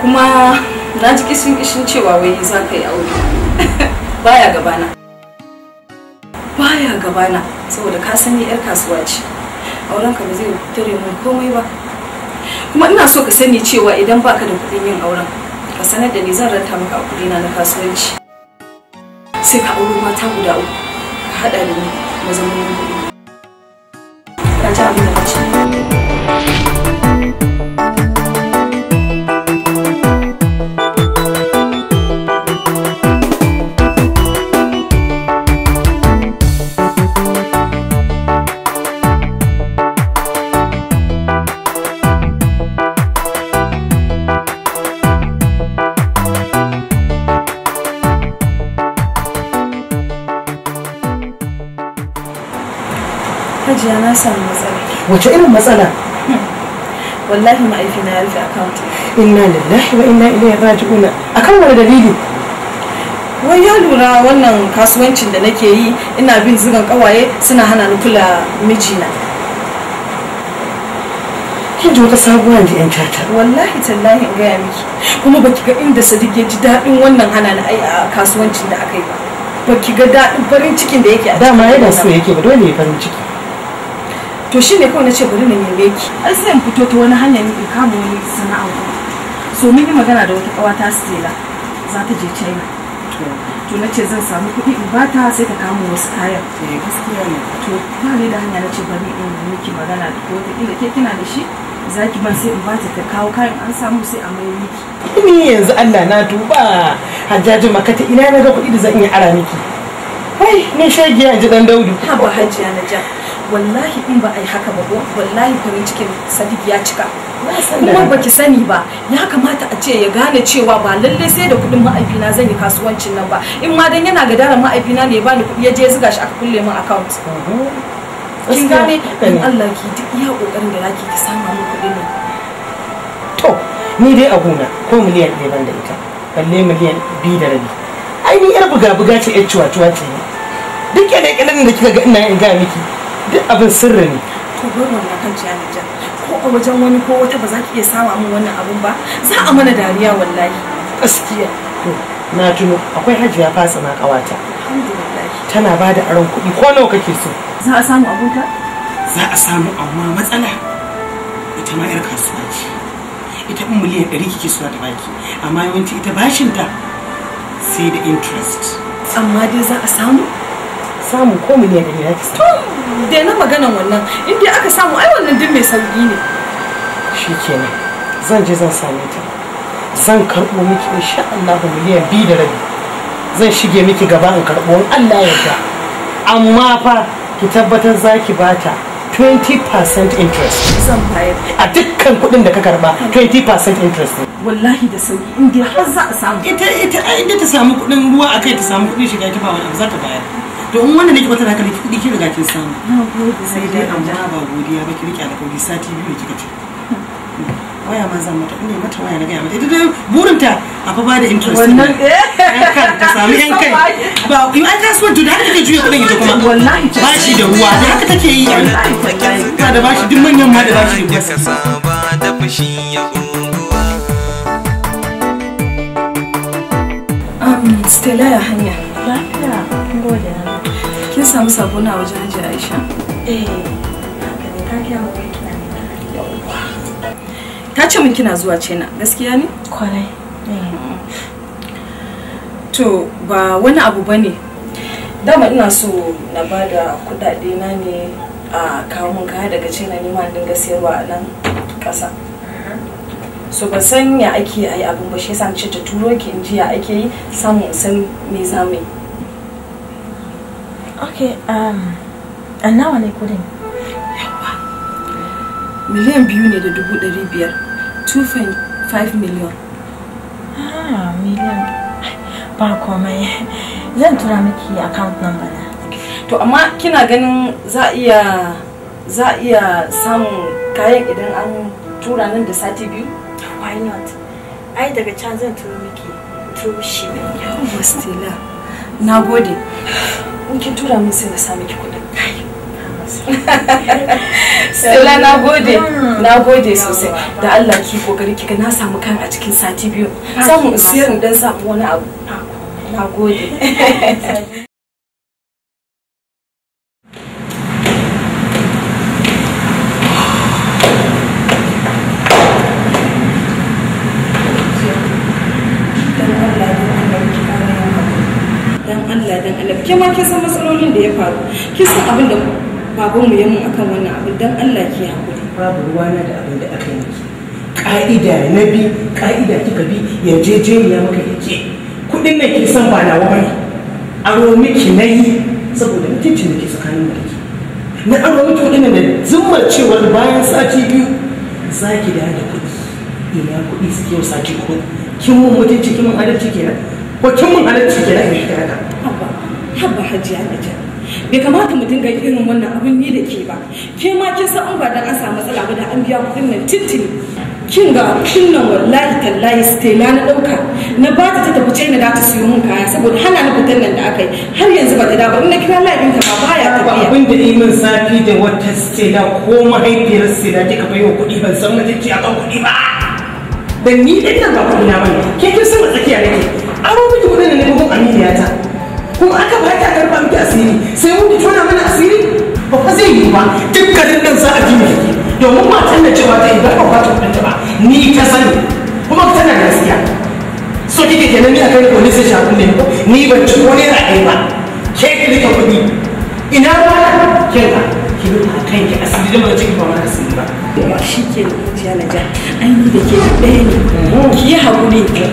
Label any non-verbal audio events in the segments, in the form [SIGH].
kuma na ji kishin kishin cewa wai za ka yi aure [LAUGHS] baya gabana baya gabana saboda ka san ni yar kasuwa ce auren ka ba zai tare mun komai ba kuma ina so ka sani cewa idan baka da kuɗin yin auren ka sanar da ni zan ranta maka a kudina na kasuwanci sai ka auri mata guda uku ka haɗa da ni mu zama mun kuɗi. wace irin matsala wallahi ma'aifi na rufe account inna lillahi wa inna ilaihi raji'una akan wani dalili wai ya lura wannan kasuwancin da nake yi ina bin zugan kawaye suna hana ni kula mijina kin ji wata sabuwar da yan tata wallahi tallahi in gaya miki kuma baki ga inda sadiq ya ji daɗin wannan hana ni a kasuwancin da aka yi ba baki ga daɗin farin cikin da yake a dama yana so yake ba dole ne farin ciki to shine kawai na ce bari na neme ki ai sai in fito ta wani hanya ne in kama wani sana'a kuma so mun yi magana da wata kawata Stella za ta je China to na ce zan samu kuɗi in ba ta sai ta kamo wasu kayan eh, gaskiya ne to ba ne da hanya na ce bari in miki magana ko ta kila ke kina da shi zaki ban sai in bata ta kawo kayan an samu sai a mai miki. Ni yanzu Allah na duba hajjaji makata ina na ga kuɗi da zan iya ara miki. Wai ni shegiya ji dan Daudu. Ha ba hajjiya na ja. wallahi in ba a yi haka ba wallahi farin cikin sadiq ya cika kuma ba ki sani ba ya kamata a ce ya gane cewa ba lalle sai da kudin ma'aifina zan yi kasuwancin nan ba in ma dan yana gadara ma'aifina ne ya bani kudi ya je ziga shi aka kulle min account kin gane in Allah ki duk iya kokarin da nake ki samu mu kudin nan to ni dai a gona ko miliyan ɗaya ban da ita balle miliyan biyu da rabi ai ni yar buga buga ce yar ciwa ciwa ce duk kyalle kyallen da kika ga ina in ga miki duk abin sirri ne ko gurin na kan ciya ne ko a wajen wani ko wata ba za ki iya sawa min wannan abun ba za a mana dariya wallahi gaskiya to na tuno akwai hajiya fasa na kawata tana ba da aron kuɗi ko nawa kake so za a samu abota za a samu amma matsala ita ma yar kasuwa ce ita in miliyan ɗari kike so ta baki amma yawanci ita bashinta sai da interest amma dai za a samu samu ko ne da yaki to da na maganan wannan inda aka samu ai wannan din mai sauki ne shikenan zan je zan same ta zan karɓo miki insha Allah miliyan biyu da rabi zan shige miki gaba in karɓo in Allah ya yarda amma fa ki tabbatar zaki bata 20% interest zan bayar a dukkan kuɗin da ka karba 20% hmm. interest ne wallahi da sauki in dai har za a samu ita ita inda ta samu kuɗin ruwa akai ta samu kuɗin shiga ita ba za ta bayar to in wannan ne ki kwata da hankali kuɗi kin riga kin samu sai dai amma ba godiya ba ki rike alƙawari sati biyu kika ci waya ma zan mata ne mata waya na ga mata dai burinta a fa bada interest wannan eh. kan ka samu yan kai [LAUGHS] ba in an kasuwar to da kake juya kudin ita kuma wallahi ba shi da ruwa da haka take yi ka da bashi duk manyan ma da bashi da um, Stella ya hanya. Lafiya. Gode na. kin samu sako na wajen hajji aisha eh ta ce min kina zuwa cena gaskiya ne kwarai hmm. to ba wani abu ba ne dama ina so na ba da kudade na ne a kawo mun kaya daga cena ma dinga sayarwa a nan kasa uh-huh. so ba san ya ake yi abin ba shi yasa ce ta turo ki in ji ake yi samun san me zamu okay um and now miliyan biyu ne da dubu ɗari biyar 2.5 miliyan ah miliyan ba komai zan tura miki account number to amma kina ganin za Zaya, za iya samun kayan idan an tura nan da sati biyu why not daga can zan turo miki turo na gode in kin tura min sai na sa miki kuɗin Sula na gode, na gode sosai. Da Allah ki kokari kika na samu kan a cikin sati biyu. Samu siyar dan samu wani abu. Na gode. kisan abin da babu mu yamma akan wannan abin don Allah ki hakuri babu ruwa na da abin da aka yi ka'ida na bi ka'ida kika bi ya maka yace kudin nan ke san ba nawa bane aro miki nayi saboda mutunci ne ke tsakanin mu dake na aro miki kudin nan da cewa cewar bayan sati biyu zaki da da kudi ina kudi suke yau sati ko kin mun mutunci kin mun adalci kenan ko kin mun adalci kenan in shi haka haba haba hajiya da bai kamata dinga irin wannan abin ni da ke ba ke ma kin san an ba dan an samu matsala ba da an biya kuɗin nan tintini kin ga kin nan wallahi tallahi stela na ɗauka na ba ta ta tafi china da ta siyo mun kaya saboda hana na fitan nan da aka yi har yanzu ba ta da ba in na kira din ka ba baya tafiya abin da mun safi da wata da ko mahaifiyar da kika bayo kudi kuɗi ban san mutunci a kan kuɗi ba dan ni din nan ba kudi na bane ke kin san tsakiya nake aro miki kudin nan ne ko aminiya ta kuma aka ba ta karba miki asiri sai mun tona mana asiri ba fa zai yi ba dukkanin nan za a ji miki domin matan da cewa ta yi ba ba ta kudin ba ni ta sani kuma tana na gaskiya so kike kenan ni akai police sai kun ne ko ni ban ci ko ne ra'ayi ba ke kike kuɗi ina ba kenka ki mutu a kan ki ba ciki ba wani ba shi ke an yi da da ɗaya ne mm. ki yi ki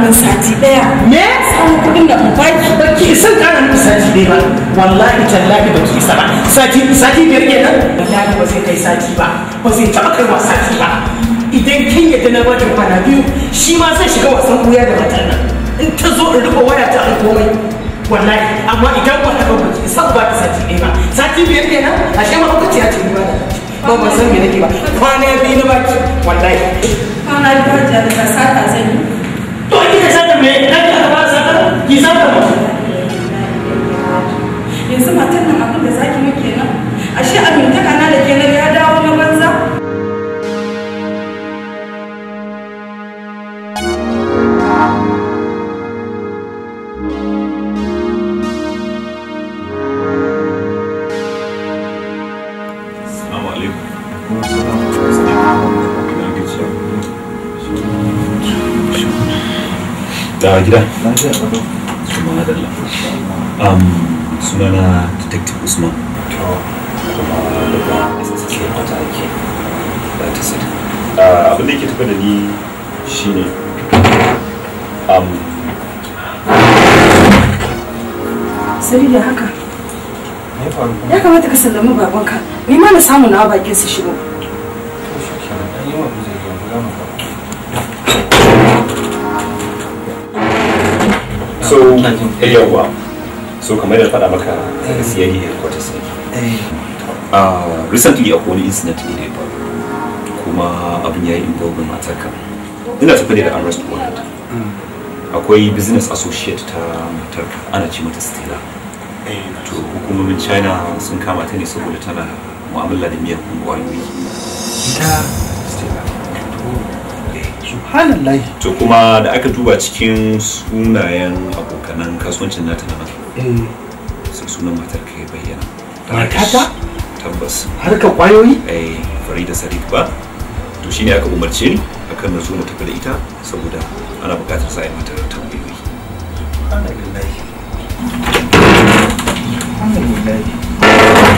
min sati daya. me tsawon kuɗin da in baki ba ki san ƙara min sati daya ba wallahi tallahi ba ki isa ba sati sati biyar kenan wallahi ba zai kai sati ba ba zai taɓa kaiwa sati ba idan kin yadda na bata kwana biyu shi ma zai shiga wasan wuya da matan in ta zo in rufe waya ta alkomai wallahi amma idan ba haka ba ki san ba ta sati ɗaya ba sati biyar kenan ashe ma kuka ce a ce ba ba ba san me nake ba kwana biyu na baki wallahi kwana biyu da ka sata zan yi to kika sata me dan ka ba sata ki sata ba yanzu matan nan abin da zaki mu a ashe abin ta kana da kenan ya da gida kuma adalla um, sunana detective usman kuma daga ssc mata ake ba ta sida ah, abin da yake tafi da ni shine um, sabida haka ya kamata ka sallami babanka ni ma na samu na bakin su shigo ina jin eh yawa so kamar da faɗa maka daga CID headquarters ne eh ah, recently akwai wani incident ne da ya kuma abin yayi involve matar ka ina tafi da arrest warrant mm. akwai business associate ta matar ka ana ce mata Stella eh, to hukumomin China sun kama ta ne saboda tana mu'amala da miyagun kwayoyi ita Stella subhanallah to kuma da aka duba cikin sunayen abokanan kasuwancin nata na nan eh. sai sunan matar ka ya bayyana matata tabbas harkar kwayoyi eh farida sadiq ba to shine aka umarce ni akan na zo mu tafi da ita saboda ana buƙatar sa a yi mata tambayoyi alhamdulillah alhamdulillah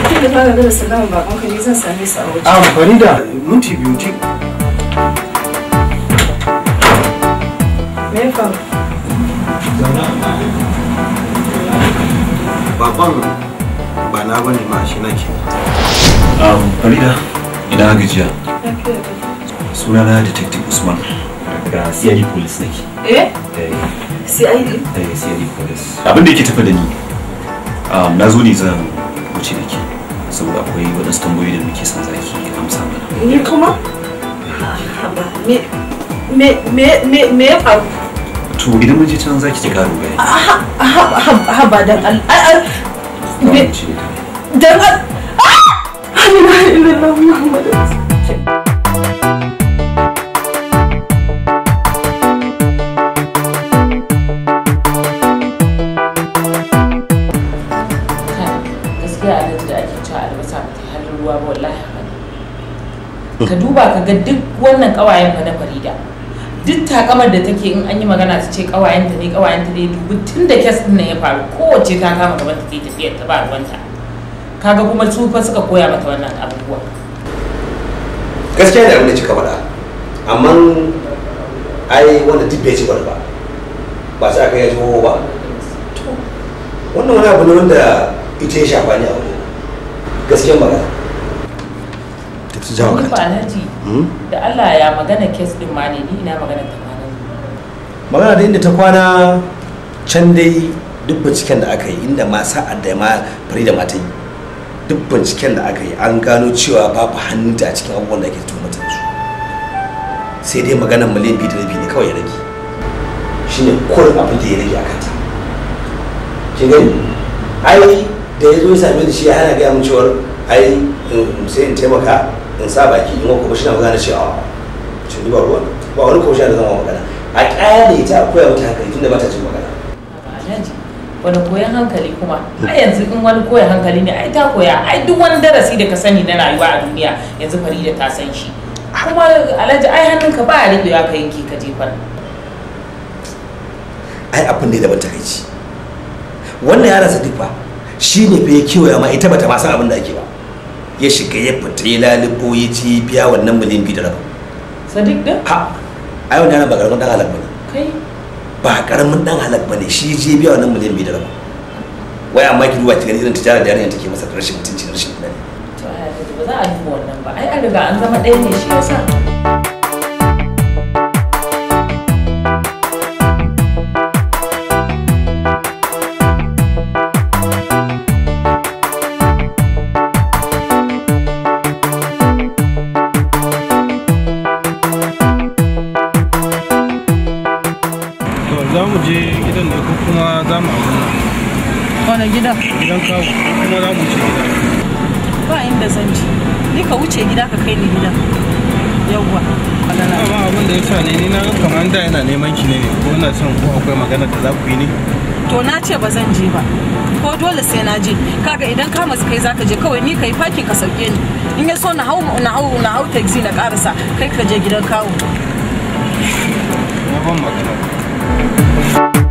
kin da fara da salama bakon ka ne zan same su a waje a ah, farida minti biyu me faru bakon ba na bane ma shi nake um, farida ina gajiya suna na detective usman daga cid police nake eh cid eh cid eh, police abin da yake tafi da ni um, na zo ne zan wuce da ke saboda akwai waɗansu tambayoyi da muke son zaki amsa mana ni kuma eh. me me me me ya faru to idan mun je can za ki ji karin bayani ha ba dan Allah dan Allah ah! Allahu akbar hmm. ka duba ka ga duk wannan kawayen fa na Farida duk takamar da take in an yi magana su ce kawayenta ne kawayenta ne dubu tun da kes din ya faru kowace ta kama gaban ta ke tafiyar ta ba ruwanta kaga kuma su fa suka koya mata wannan abubuwa gaskiya ne abin da kika faɗa amma ai wanda duk bai ci wani ba ba sai aka yi zuwa ba wannan wani abu ne wanda ita ya shafa ne a wani gaskiyan magana su jawo kanta hmm? da Allah ya magana kes din ma ne ni ina magana ta kwana magana da inda ta kwana can dai duk binciken da aka yi inda ma sa'ad da ma fari da mata yi duk binciken da aka yi an gano cewa babu hannunta a cikin abubuwan da ake tuhumata su sai dai magana miliyan biyu da rabi ne kawai ya rage shi ne kurin abin da ya rage a kanta kin gani ai da ya zo ya same da shi ya hana gaya mu cewar ai sai in taimaka in sa baki in kuma shi na magana ce a cin duba ruwan ba wani kuma shi da zama magana a kyale ta koya mata hankali tunda ba ta jin magana wani koyan hankali kuma a yanzu in wani koyan hankali ne ai ta koya ai duk wani darasi da ka sani na rayuwa a duniya yanzu farida ta san shi kuma alhaji ai hannunka ba a ribewa ka yanke ka jefar ai abin da ya daban takaici wannan yaran sadiq ba shine ne fa ya kewaya ma ita bata ma san abin da ake ba ya shiga ya fita ya lalubo ya ci biya wannan miliyan biyu da rabu sadiq da? ha ai wannan ba karamin dan halak ne. kai ba karamin dan halak ne shi je biya wannan miliyan biyu da rabu wai amma ki duba cikin irin tijara da yarinyar take masa rashin mutunci da rashin kudi. to ba za a duba wannan ba ai an riga an zama ɗaya ne shi yasa gida gidan kawo kuma za mu ce gida ba inda zan ji ni ka wuce gida ka kai ni gida yawwa ba abin da ya sa ne ni na kamar da yana neman ki ne ko ina son ko akwai magana da za ku yi ne to na ce ba zan je ba ko dole sai na je kaga idan ka masu kai zaka je kawai ni kai fakin ka sauke ni in ya so na hau na hau na hau taxi na karasa kai ka je gidan kawo na ban magana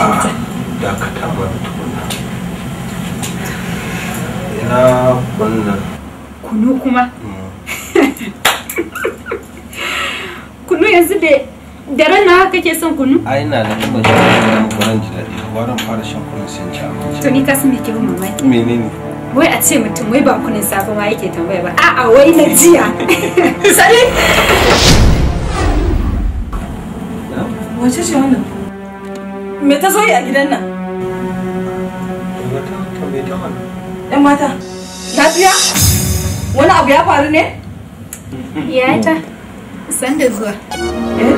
a dakata mana tukuna ina wannan kunu kuma mm. [LAUGHS] kunu yanzu da daren na haka ke son kunu ai na da kuma jin kuran ji daɗi warin fara shan kunu sun ci abinci to ni ka sun ke mamaki menene wai a ce mutum wai ba kunin safe ma yake tambaya ba a'a wai na jiya sani [LAUGHS] wace ce wannan Me ta zo yi a gidan nan? ‘Yan mata, lafiya? Wani abu ya faru ne? Ya ta, san da zuwa. Eh?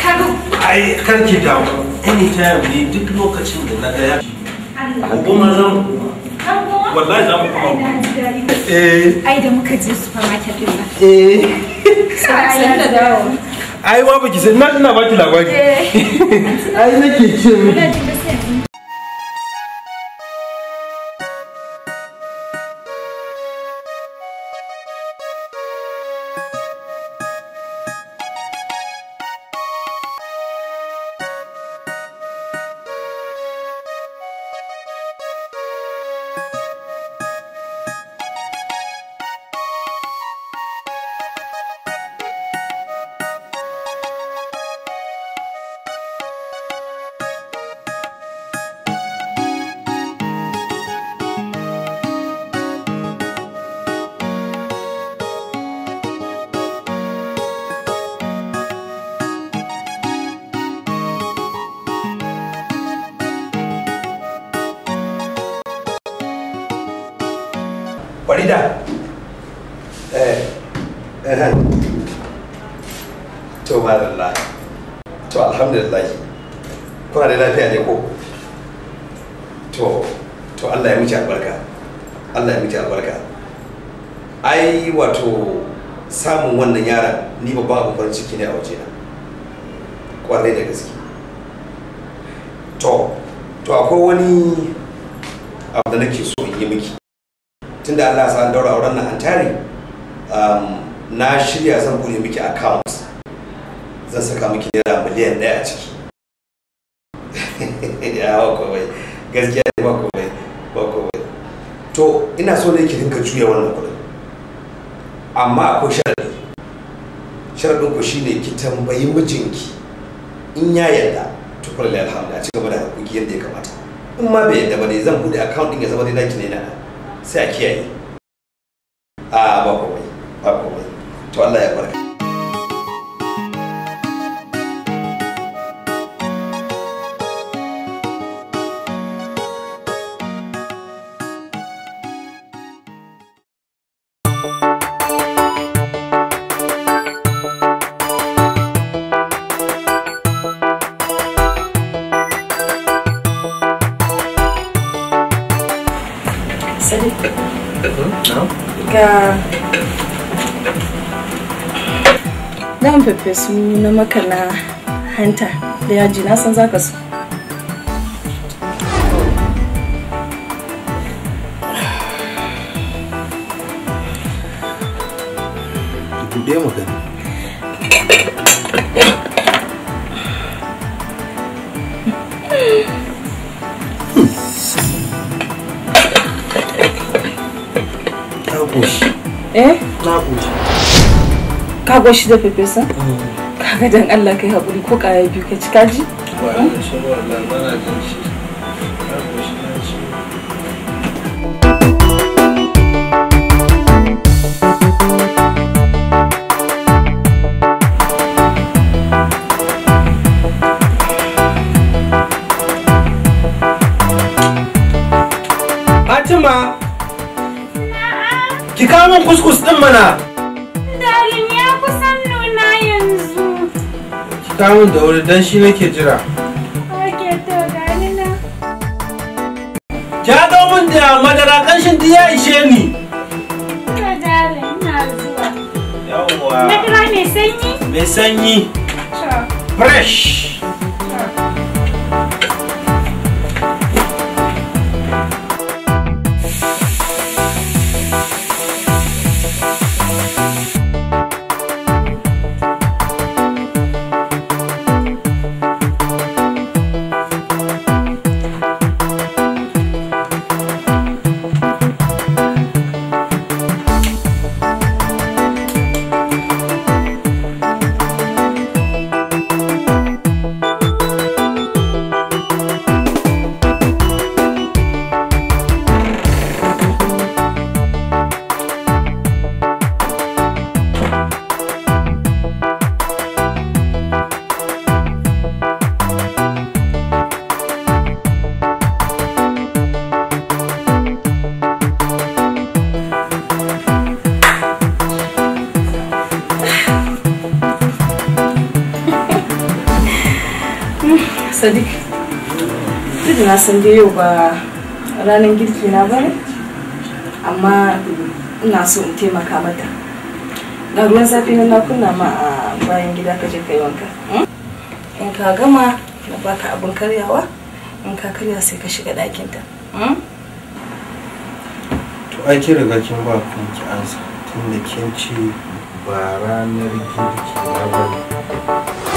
[LAUGHS] Ai, karki damu. anytime ne duk lokacin da na gaya kuma zan wallahi za mu kuma eh. ai da muka je supermarket din ba eh sai da dawo ai wa baki sai na ina baki labari eh. ai nake ce miki amma akwai sharaɗi sharaɗin ku shine ki tambayi mijinki in ya yarda to kullu alhamdu a cigaba da hakuki yadda ya kamata in ma bai yarda ba ne zan bude account din ya zama dai naki ne na sai a kiyaye a ba komai ba to Allah ya barka su na maka na hanta da yaji na san zaka so eh na goshi ka goshi da Mm. kaga [LAUGHS] dan Allah kai hakuri ko kaya biyu ka ci kaji Fatima! Ki kawo min kuskus ɗin mana! Fita min da wuri don shi nake jira. Ake to gani na. Ki haɗo min da madara ƙanshin duk ya ishe ni. Ka dare ina zuwa. Yawwa. Madara mai sanyi? Mai sanyi. Fresh. sadiq duk na san yau ba ranar girki na ba ne amma ina so in taimaka mata na ruwan zafi na kunna ma a bayan gida ka je kai wanka hmm? in ka gama na baka abin karyawa in ka karya sai ka shiga ɗakinta hmm? to ai ki riga kin ba kanki ansa tunda kin ce ba ranar girki na ba ne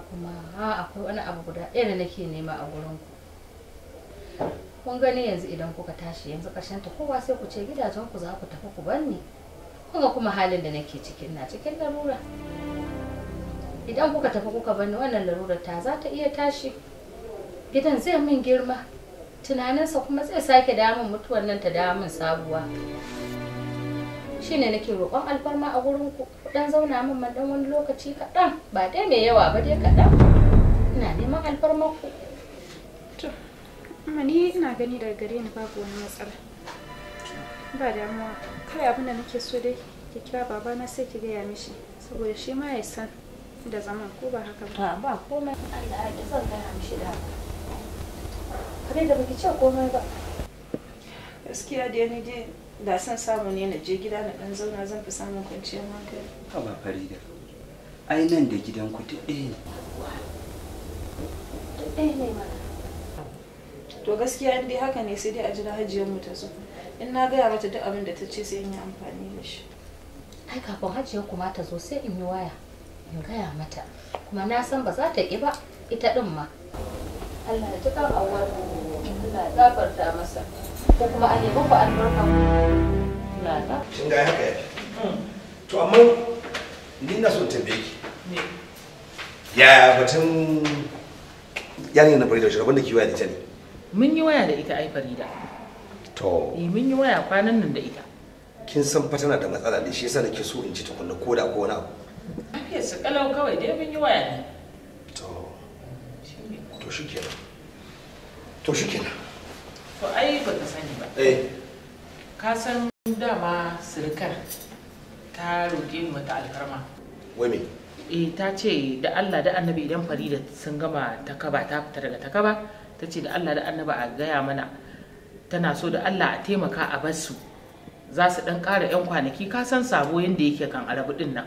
kuma ha akwai wani abu guda ɗaya da nake nema a gurin ku kun gani yanzu idan kuka tashi yanzu ƙarshen ta kowa sai ku ce gidajen ku za ku tafi ku banni kuma kuma halin da nake cikin na cikin larura idan kuka tafi kuka banni wannan larurar ta za ta iya tashi gidan zai min girma tunaninsa kuma zai sake damun mutuwar nan ta damun sabuwa shine nake roƙon alfarma a gurin ku dan zauna min man dan wani lokaci kaɗan ba dai mai yawa ba dai kaɗan ina neman alfarma ku to amma ni ina gani daga gare ni babu wani matsala ba damuwa kai abin da nake so dai ki kira babana sai ki gaya mishi saboda shi ma ya san da zaman ko ba haka ba ba komai Allah ya zan gaya mishi da kare da baki ce komai ba gaskiya dai ni dai da san samu ne na je gida na dan zauna zan fi samun kwanciyar hankali ka ba farida ai nan da gidan ku duk ne to gaskiya in dai haka ne sai dai a jira hajiyar mu ta zo in na gaya mata duk abin da ta ce sai in yi amfani da shi ai kafin hajiyar ku ma ta zo sai in yi waya in gaya mata kuma na san ba za ta ƙi ba ita ɗin ma Allah ya tuka Allah ya gafarta masa ko kuma a nemi ku albarka kin ga haka yafi hmm. to amma ni na son tambaye ki ya batun yani na farida shi da ki waya da ita ne mun yi waya da ita ai farida to eh, mun yi waya kwanan nan da ita kin san fa tana da matsala ne shi yasa nake so in ji tukunna ko da ko wani abu lafiyar su kalau kawai dai mun yi waya ne to to shikenan to shikenan to ai ba ka sani ba eh. ka san dama sirikar ta roƙe mu ta wai me eh ta ce da Allah da annabi idan Farida sun gama kaba ta fita daga takaba ta ce da Allah da annabi a gaya mana tana so da Allah a taimaka a bar su za su dan ƙara 'yan kwanaki ka san sabo yadda yake kan arabu din nan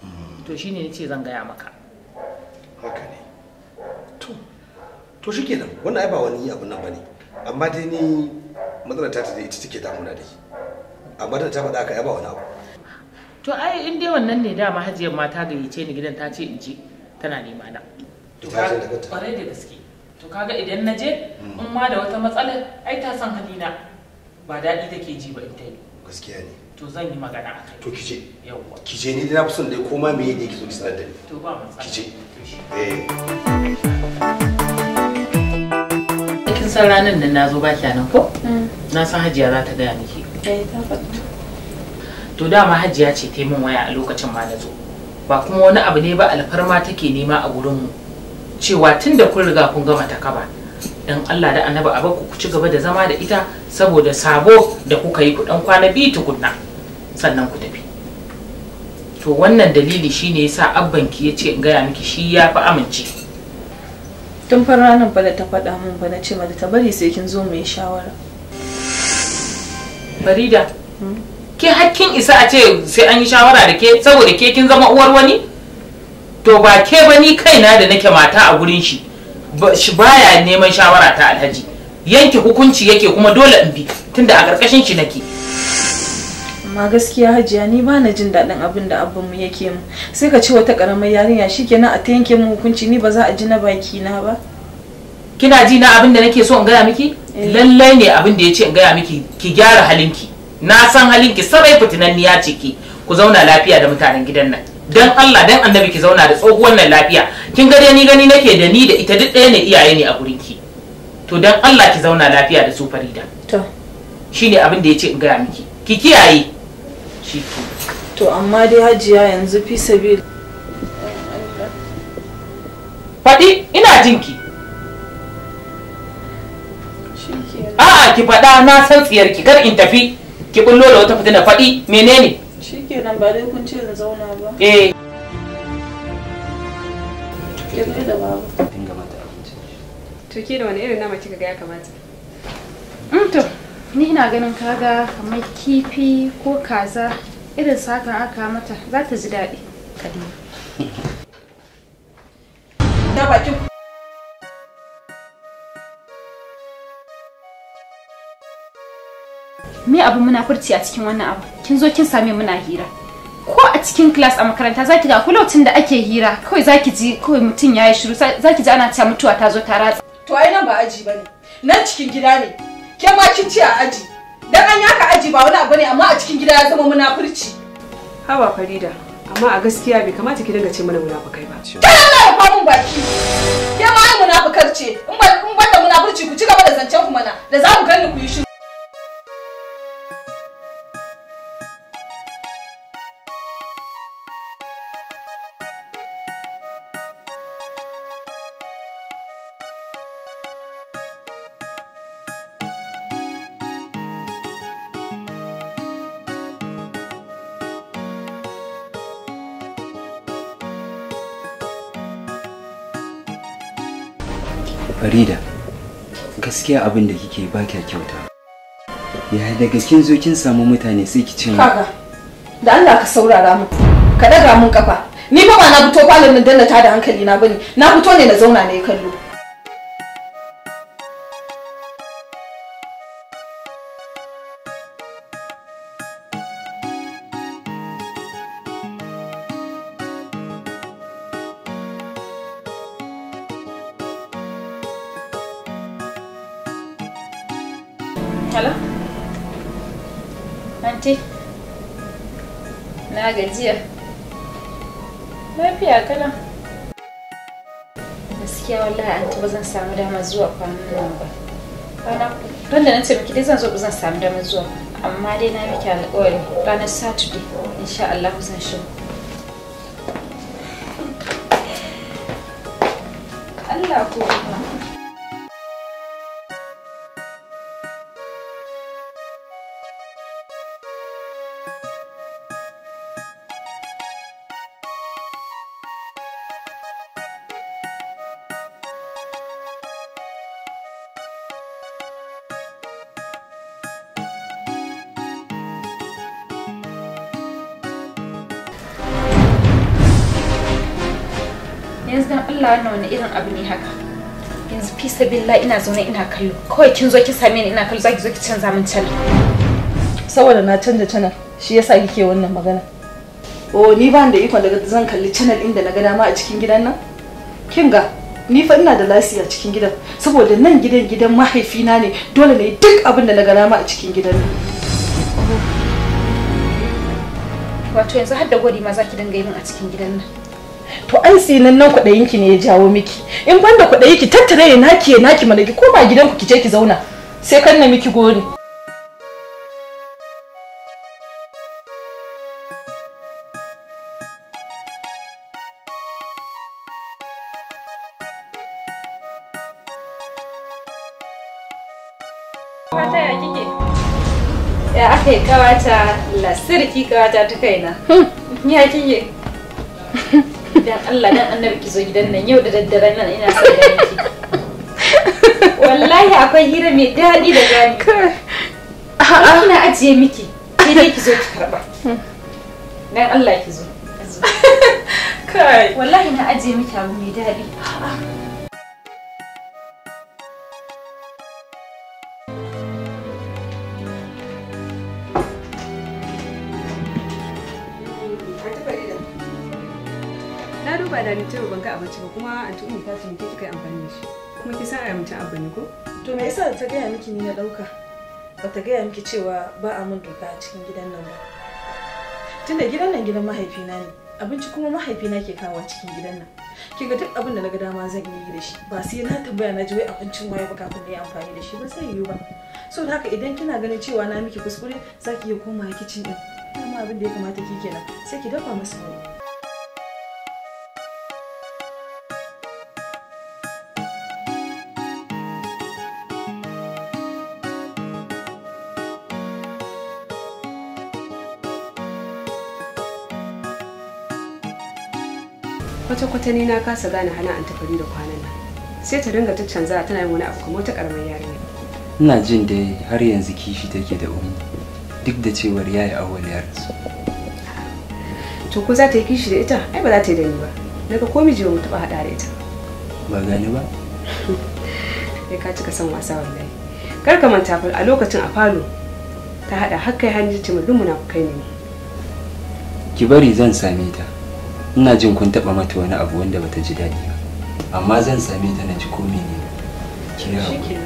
hmm. to shine ne ce zan gaya maka haka ne to to shikenan wannan ai ba wani abu nan bane amma dai ni matsalar ta da ita take damuna dai amma da ta faɗa ka yaba wani abu to ai in dai wannan ne dama hajiyar ma ta gayyace ni gidan ta ce in je tana nema na to ka kwarai da gaske to kaga idan na je mm. in ma da wata matsalar ai ta san halina ba daɗi take ji ba in ta yi gaskiya ne to zan yi magana a kai to kije yawwa kije ni dai na fi son dai koma me ne ki zo ki sanar da ni to ba matsala kije eh san ranar da na ba kya nan ko? Mm. Na san hajiya za ta gaya miki. Eh, to dama hajiya ce ta yi min waya a lokacin ma na Ba kuma wani abu ne ba alfarma take nema a mu. Cewa tun da kun riga kun gama ta kaba. Dan Allah da annabi a ku ku ci gaba da zama da ita saboda sabo da kuka yi ku dan kwana biyu tukunna sannan ku tafi. To wannan dalili shine yasa Abban ya ce in gaya miki shi ya fi amince. tun fara ranar fa da ta faɗa min fa na ce mata ta bari sai kin zo mu shawara Farida hmm? ke hakkin isa a ce sai an yi shawara da ke saboda ke kin zama uwar wani to ba ke ba ni kaina da nake mata a gurin shi baya neman shawara ta alhaji yanke hukunci yake kuma dole in bi tunda a ƙarƙashin shi nake amma gaskiya hajiya ni ba na jin daɗin abin da abin mu yake mu sai ka ce wata ƙaramar yarinya shi kenan a ta yanke mu hukunci ni ba za a ji na baki na ba kina ji na abin da nake so in gaya miki eh. lallai ne abin da ya ce in gaya miki ki gyara halin ki na san ki sarai fitinanniya ce ki ku zauna lafiya da mutanen gidan nan dan Allah dan annabi ki zauna da tsohuwar nan lafiya kin ga ni gani nake da ni da ita duk ɗaya ne iyaye ne a gurin ki to dan Allah ki zauna lafiya da su Farida to shine abin da yace in gaya miki ki kiyaye ciki to amma dai hajiya yanzu fi sabi faɗi ina jinki a'a ki faɗa na san tsiyarki kar in tafi ki bullo da wata fitina faɗi menene shikenan ba dai kun ce in zauna ba eh da to ke da wani irin na mace ga ya kamata mm, to ni ina ganin kaga kamar kifi ko kaza irin sakan aka mata za ta ji daɗi kadima da me abu muna furci a cikin wannan abu kin zo kin same muna hira ko a cikin class a makaranta zaki ga kulautin da ake hira kawai zaki ji kawai mutum yayi shiru zaki ji ana cewa mutuwa ta zo ta ratsa to ai nan ba aji bane nan cikin gida ne ke ma kin ci a aji dan an yaka aji ba wani abu ne amma a cikin gida ya zama munafurci haba farida amma a gaskiya bai kamata ki dinga ce mana muna ba ta Allah ya fa mun baki ke ma ai munafukar ce in ba in banda munafurci ku ci gaba da zancen ku mana da za ku ganni ku yi shiru Farida, gaskiya abin da kike ba kya kyauta. Ya daga kin zo kin samu mutane sai ki ce Kaga, da Allah ka saurara mu, ka daga mun kafa. Ni ba ma na fito falon nan danna na tada hankali na bane, na fito ne na zauna ne kallo. zuwa kwanan nan ba kwana don da na ce miki dai zan zo zan samu damar zuwa amma dai na miki alƙawari ranar saturday insha Allah zan shigo Allah ko yanzu dan Allah wannan wani irin abu ne haka yanzu fi sabilla ina zaune ina kallo kawai kin zo ki same ni ina kallo zaki zo ki canza min channel saboda na canza channel shi yasa kike wannan magana oh ni ban da ikon daga zan kalli channel inda na ga dama a cikin gidan nan kin ga ni fa ina da lasi a cikin gidan saboda nan gidan gidan mahaifina ne dole ne duk abin da na ga dama a cikin gidan nan wato yanzu har da gwadi ma za ki dinga yi min a cikin gidan nan to ai sai nan kwaɗayin ki ne ya jawo miki in banda kwaɗayi ki tattare ya naki ya naki mana ko ba gidanku ki je ki zauna sai kan na miki gori Ya aka yi kawata kawata ta kaina. Hmm. Ya dan Allah dan annabi ki zo gidan nan yau da daddare nan ina wallahi akwai hira mai daɗi da gani ajiye miki sai dai ki zo ki dan Allah ki zo [LAUGHS] kai wallahi na ajiye miki abu mai daɗi ni ban ga abinci ba kuma anti umu ta ce ni kai amfani da shi kuma ki san ai mutum abu ko to me yasa ta gaya miki ni na dauka ba ta gaya miki cewa ba a mun doka a cikin gidan nan ba tunda gidan nan gidan mahaifina ne abinci kuma mahaifina ke kawo cikin gidan nan ki ga duk abin da na ga dama zan yi da shi ba sai na tambaya na ji wai abincin waye ba kafin na yi amfani da shi ba sai yiwu ba so da haka idan kina ganin cewa na miki kuskure za ki iya komawa kicin din kuma abin da ya kamata ki kenan sai ki dafa masa wani wata kwata ni na kasa gane hana an tafari da kwanan nan sai ta dinga ta canza tana yin wani abu kamar wata karamar yarinya ina jin dai har yanzu kishi take da umu duk da cewar yayi awwal ya rasu to ko za ta yi kishi da ita ai ba za ta yi da ni ba daga ko miji ba mu taba hada da ita ba gani ba [LAUGHS] kai ka cika san wasa wallahi kar ka manta fa a lokacin a falo ta hada har kai hanji ta mu na kai ne ki bari zan same ta ina jin kun taɓa mata wani abu wanda bata ji daɗi ba amma zan same ta na ji ko ne ki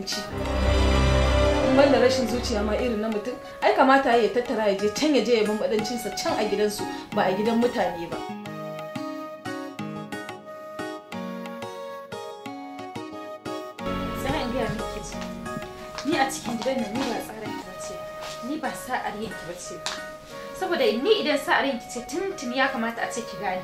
abinci ban da rashin zuciya ma irin na mutum ai kamata ya tattara ya je can ya je ya sa can a gidansu ba a gidan mutane ba sai ni a cikin gidan nan ni ba tsarin ki bace ni ba sa'ar yanki bace saboda ni idan sa'ar ki ce tuntuni ya kamata a ce ki gane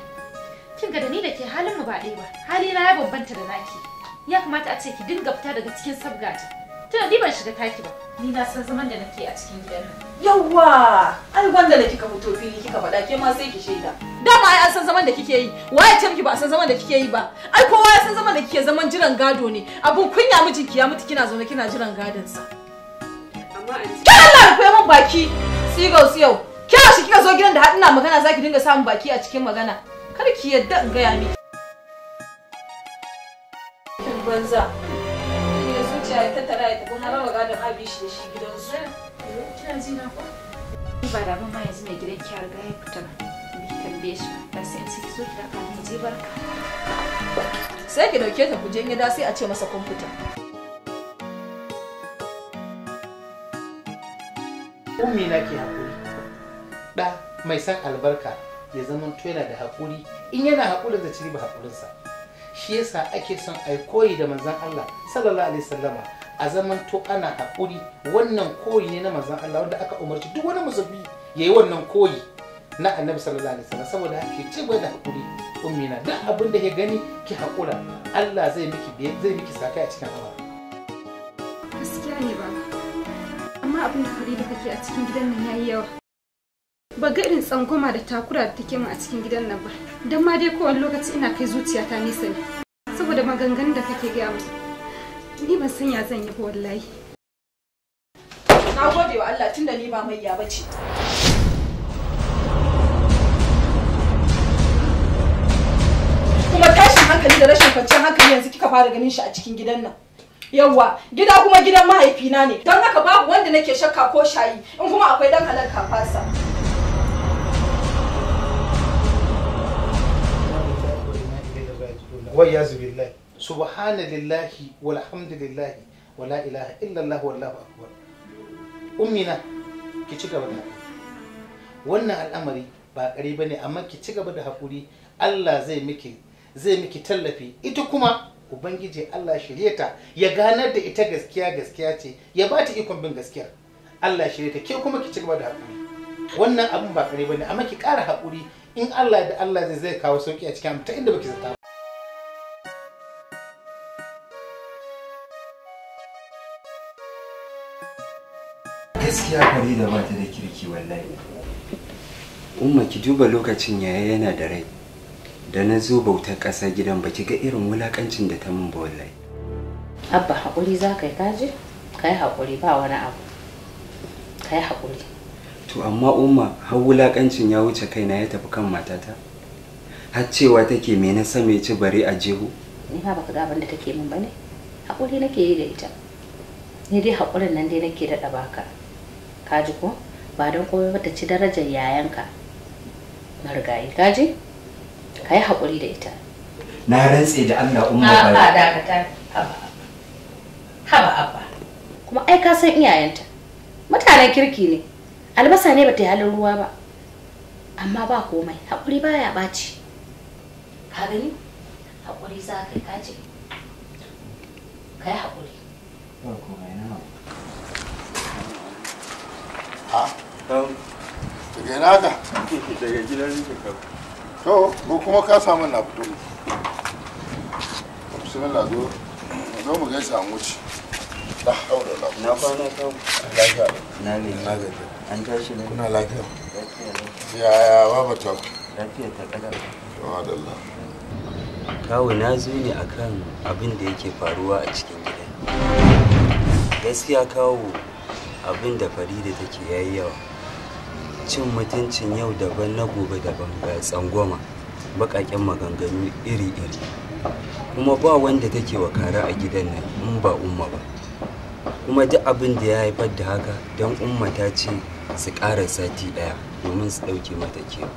kin ga da ni da ke halin mu ba ɗaya ba hali na ya bambanta da naki ya kamata a ce ki dinga fita daga cikin sabgata Tana ni ban shiga taki ba ni na san zaman da nake a cikin gidan yawwa ai gwanda da kika fito fili kika faɗa ke ma sai ki shaida dama ai an san zaman da kike yi waye ce miki ba a san zaman da kike yi ba ai kowa ya san zaman da kike zaman jiran gado ne abun kunya mijinki ya mutu kina zaune kina jiran gadon sa amma an ki Allah baki sigau yau kina shi kika zo gidan da haɗina na magana zaki dinga samun baki a cikin magana kar ki yadda in gaya miki banza ne zuciya ta tara ya ko na raba da abi shi da shi gidansu kina ji na ko ba da ma yanzu zina gidan ki ga ya fita bi tambaye shi ta sai in ciki zuciya ka ne ji barka sai ki dauke ta kujen gida sai a ce masa kwamfuta Ummi na ke haƙuri, ɗa mai san albarka ya zama yana da haƙuri in yana haƙurin da ciri ba haƙurinsa. shi yasa ake son yi koyi da Manzan Allah sallallahu alaihi sallama a zaman to ana haƙuri wannan koyi ne na Manzan Allah wanda aka umarci duk wani musulmi yi wannan koyi na annabi sallallahu alaihi sallama saboda ake ci gaba da haƙuri ummina duk abin da ya gani ki haƙura Allah zai miki biye zai miki sakai a cikin amara gaskiya ne ba amma abin da kake a cikin gidan nan yayi yawa ba ga irin tsankoma da takura da take min a cikin gidan nan ba don ma dai kowane lokaci ina kai zuciyata nesa ne saboda maganganun da kake gaya mu ni ban san ya zan yi ba wallahi na gode wa Allah tunda ni ba mai ya bace kuma tashin hankali da rashin kwanciyar hankali yanzu kika fara ganin shi a cikin gidan nan yawwa gida kuma gidan mahaifina ne don haka babu wanda nake shakka ko shayi in kuma akwai dan halal kafasa. wa yazu billahi subhanallahi walhamdulillahi wala ilaha illallah wallahu akbar ummina ki ci gaba da wannan al'amari ba kare bane amma ki ci gaba da hakuri Allah zai miki zai miki tallafi ita kuma ubangiji Allah shirye ta ya ganar da ita gaskiya gaskiya ce ya ba ta ikon bin gaskiyar Allah shirye ta ke kuma ki ci gaba da haƙuri wannan abin ba kare bane amma ki ƙara haƙuri in Allah da Allah zai zai kawo sauki a cikin ta inda baki zata gaskiya Farida ba ta da kirki wallahi. Umma ki duba lokacin yaya yana da rai. Da na zo bautar ƙasa gidan baki ga irin wulaƙancin da ta min ba wallahi. Abba haƙuri za ka yi kaji? Ka yi haƙuri ba wani abu. Ka yi haƙuri. To amma Umma har wulakancin ya wuce kaina ya tafi kan matata. Har cewa take me na sa ci bare a jehu. Ni ba ka ga abin da take min ba ne? Haƙuri nake yi da ita. Ni dai haƙurin nan dai nake daɗa baka. kaji ko ba don komai ba ta ci darajar yayanka marigayi kaji ka yi haƙuri da ita na rantse da Allah umma ba a dakata haba haba abba kuma ai ka san iyayenta mutanen kirki ne albasa ne bata yi halin ruwa ba amma ba komai haƙuri baya ɓaci ka gani haƙuri za ka yi kaji ka yi haƙuri ba komai na a daga yana ka daga gidan rikin ka to ko kuma ka samu na fito bismillah zo zo mu gaisa da haura na kwana lafiya na ne na an tashi ne kuna lafiya ya ya baba ta lafiya ta kada to adalla kawo na zo ne akan abin da yake faruwa a cikin gidan gaskiya kawo abin da farida take yayi yawa cin mutuncin yau daban na gobe daban ga tsangwama baƙaƙen maganganu iri-iri kuma ba wanda take wa kara a gidan nan in ba umma ba kuma duk abin da ya haifar da haka don umma ta ce su ƙara sati ɗaya domin su ɗauke mata kewa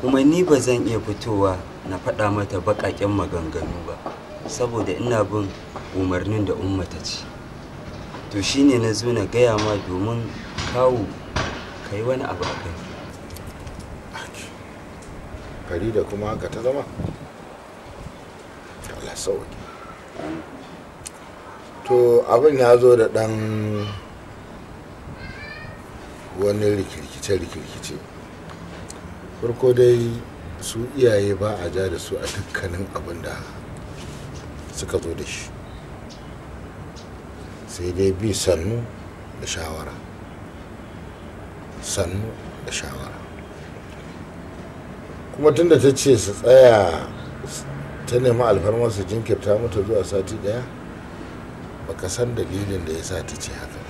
kuma ni ba zan iya fitowa na faɗa mata baƙaƙen maganganu ba saboda ina bin umarnin da umma ta ce to shine na zo na gaya ma domin kawo ka yi wani abu a kai da kuma haka ta zama Allah sauki to abin ya zo da ɗan wani rikirkice-rikirkice farko dai su iyaye ba a ja da su a dukkanin abin da suka zo da shi sai dai bi sannu da shawara sannu da shawara kuma tunda ta ce su tsaya ta nemi alfarmar su jinkirta mata zuwa sati daya baka san dalilin da ya sa ta ce haka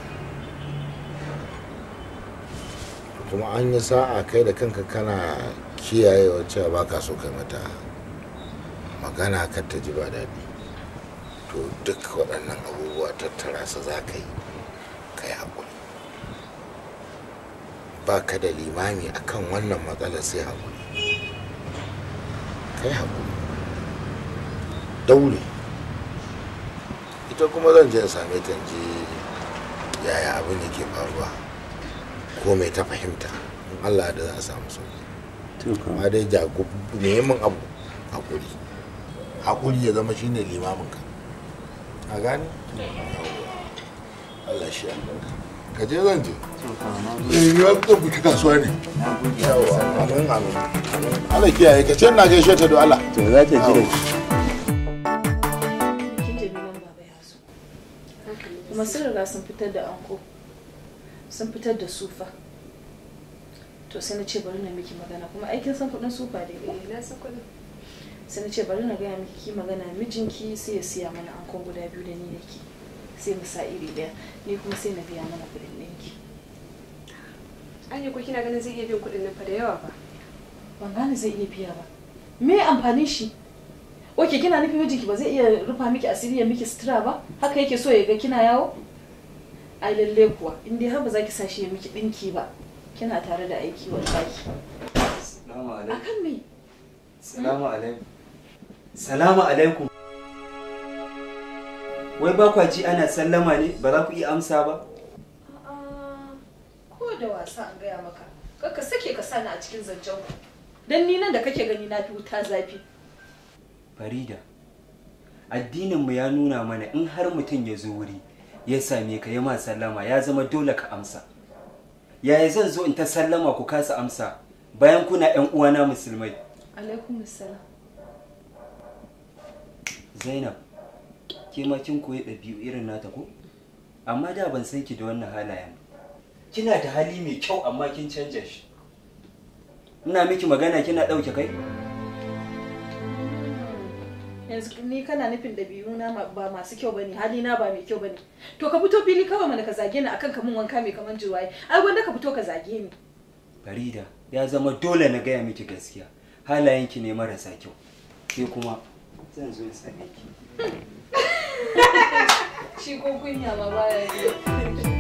kuma an yi sa'a kai da kanka kana kiyaye kiyayewa cewa ka so kai mata magana kan ta ji ba daɗi to duk waɗannan abubuwa tattara su za ka yi ka yi haƙuri ba ka da limami a kan wannan matsala sai haƙuri ka yi haƙuri daure ita kuma zan je in same ta yaya abin da ke faruwa ko mai ta fahimta in allah da za a samu sauki amma dai jago neman abu haƙuri haƙuri ya zama shine limamin ka a gane Allah shi ka je zan je yiwuwar eh, zan buki kasuwa ne amin kiyaye ka ce na gaishe ta da Allah to za ta jira kuma sun riga sun fitar da anko sun fitar da sufa to sai na ce bari na miki magana kuma aikin san kudin sufa da eh, na san kudin sai e e na ce bari na gaya miki magana mijinki sai ya siya mana ankon guda biyu da ni da ke sai mu sa iri daya ni kuma sai na biya mana kuɗin ɗinki Anya ko kina ganin zai iya biyan kuɗin nan fa da yawa ba ban gane zai iya biya ba me amfanin shi oke kina nufin mijinki ba zai iya rufa miki asiri ya miki sutura ba haka yake so ya ga kina yawo ai lalle kuwa in dai har ba za ki sa shi ya miki ɗinki ba kina tare da aiki wallahi Salamu alaikum. Akan me? Salamu alaikum. salamu alaikum wai ba kwa ji ana sallama ne ba za ku iya amsa ba ko da wasa an gaya maka kaka sake ka sani a cikin zancen ku dan ni nan da kake gani na fi wuta zafi farida addinin mu ya nuna mana in har mutum ya zo wuri ya same ka ya ma sallama ya zama dole ka amsa yaya zan zo in ta sallama ku kasa amsa bayan kuna 'yan uwana musulmai alaikum Zainab, ke ma kin koyi ɗabi'u irin nata ko? Amma da ban san ki da wannan halayen. Kina da hali mai kyau amma kin canja shi. Ina miki magana kina ɗauke kai? yanzu ni kana nufin ɗabi'una ba masu kyau bane halina ba mai kyau bane to ka fito fili kawai mana ka zage ni akan ka mun wanka mai kaman jiwaye ai wanda ka fito ka zage ni Farida ya zama dole na gaya miki gaskiya halayenki ne marasa kyau sai kuma zan zo ya same ki shi kunya ma baya